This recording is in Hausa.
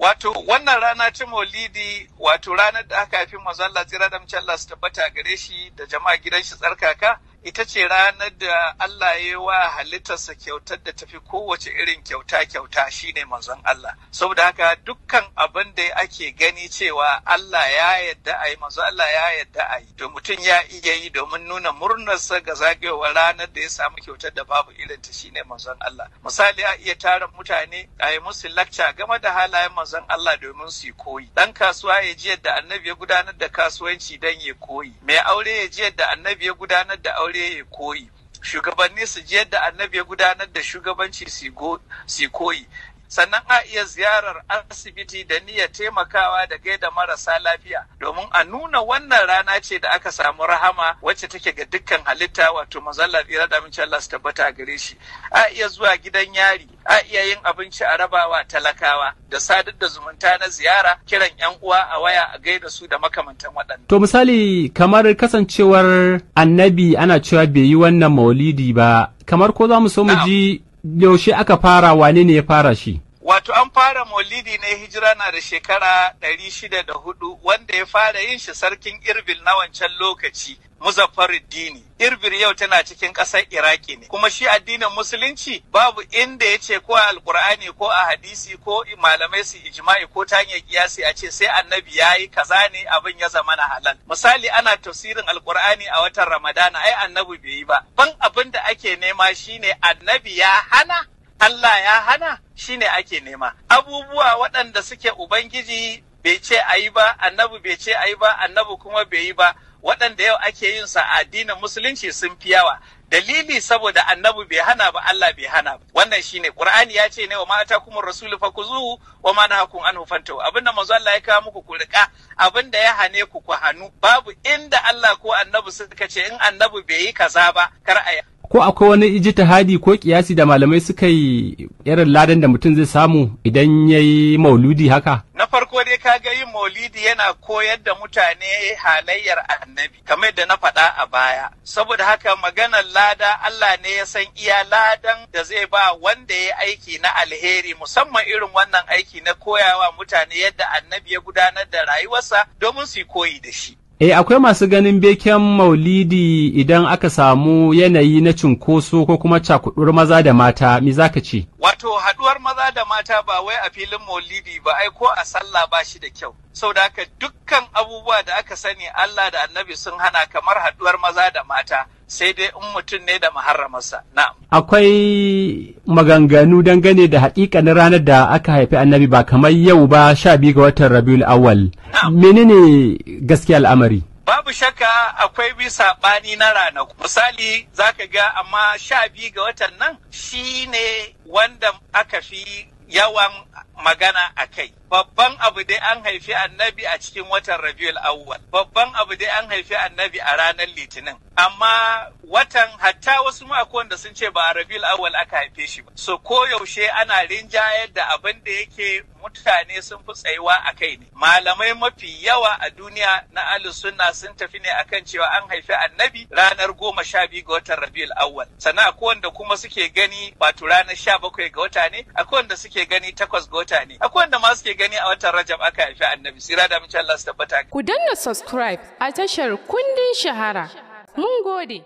Wato wannan rana ta Maulidi wato ranar da aka haifi mazalla tsira da Mucallas tabbata gare shi da jama'a gidan shi tsarkaka ita ce ranar da Allah ya wa halittarsa kyautar da tafi kowace irin kyauta kyauta shine manzon Allah saboda haka dukkan abin da ake gani cewa Allah ya yadda a yi manzon Allah ya yadda a yi domin mutum ya iya yi domin nuna murnarsa ga zagayowar ranar da ya samu kyautar da babu irin ta shine manzon Allah misali a iya tara mutane a yi musu lakca game da halayen manzon Allah domin su yi koyi dan kasuwa ya ji yadda annabi ya gudanar da kasuwanci dan ya koyi mai aure ya ji yadda annabi ya gudanar da aure aure ya koyi shugabanni su je yadda annabi ya gudanar da shugabanci su koyi sannan a iya ziyarar asibiti da niyyar taimakawa da gaida marasa lafiya domin a nuna wannan rana ce da aka samu rahama wacce take ga dukkan halitta wato mazallar ira da mince Allah su tabbata gare shi a iya zuwa gidan yari a iya yin abinci a rabawa talakawa da sadar da zumunta na ziyara kiran yan uwa a waya a gaida su da makamantan waɗannan. To misali kamar kasancewar annabi ana cewa bai yi wannan maulidi ba kamar ko za mu so mu ji yaushe aka fara wane ne ya fara shi? Wato an fara maulidi na hijira na da shekara ɗari wanda ya fara yin shi sarkin Irbil na wancan lokaci Muzaffaruddini. Irbir yau tana cikin ƙasar Iraki ne. Kuma shi addinin Musulunci babu inda ya ce ko a Alƙur'ani ko a hadisi ko malamai su ijma'i ko ta hanyar kiyasi a ce sai annabi ya yi kaza ne abin ya zama na halal. Misali ana tafsirin Alƙur'ani a watan Ramadana ai annabi bai yi ba. Ban abin da ake nema shine annabi ya hana Allah ya hana shine ake nema. Abubuwa waɗanda suke Ubangiji bai ce a yi ba, annabi bai ce a yi ba, annabi kuma bai yi ba. waɗanda yau ake yin sa a addinin musulunci sun fi yawa dalili saboda annabi bai hana ba Allah bai hana ba wannan shine qur'ani ya ce ne wa mata kuma rasulu fa kuzuhu wa ma nahakum anhu fantahu abinda manzo Allah ya kawo muku ku rika abinda ya hane ku ku hanu babu inda Allah ko annabi suka ce in annabi bai yi kaza ba kar a ko akwai wani ijtihadi ko kiyasi da malamai suka yi irin ladan da mutum zai samu idan yayi mauludi haka na farko Ka ga yin maulidi yana koyar da mutane halayyar annabi kamar da na faɗa a baya saboda haka maganar lada Allah ne ya san iya ladan da zai ba wanda ya aiki na alheri musamman irin wannan aiki na koyawa mutane yadda annabi ya gudanar da rayuwarsa domin su koyi da shi E, akwai masu ganin beken maulidi idan aka samu yanayi na cunkoso ko kuma cakudur maza da mata, me za ka ce? Wato haɗuwar maza da mata ba wai a filin maulidi ba ai ko a sallah ba shi da kyau. sau da haka dukkan abubuwa da aka sani Allah da annabi sun hana kamar haɗuwar maza da mata sai dai in mutum ne da maharramarsa. Na'am. Akwai maganganu dangane da haƙiƙanin ranar da aka haifi annabi ba kamar yau ba sha biyu ga watan Rabiul Awwal. Menene gaskiya al'amari? babu shakka akwai bi saɓani na ranaku misali za ka ga amma sha biyu ga watan nan shi ne wanda aka fi yawan magana a kai babban abu dai an haifi annabi a cikin watan rabiul awwal babban abu dai an haifi annabi a ranar litinin amma watan hatta wasu ma da sun ce ba a rabiul awal aka haife shi ba so ko yaushe ana rinjayar da abin da yake mutane sun fi tsayuwa a kai ne malamai mafi yawa a duniya na ahlus sunna sun tafi ne akan cewa an haifi annabi ranar goma sha biyu ga watan rabiul awal sana akwai wanda kuma suke gani wato ranar sha bakwai ga wata ne akwai wanda suke gani takwas ga wata ne akwai wanda ma suke gani a watan rajab aka haifi annabi sira da mace Allah su tabbata ku danna subscribe a tashar kundin shahara Mun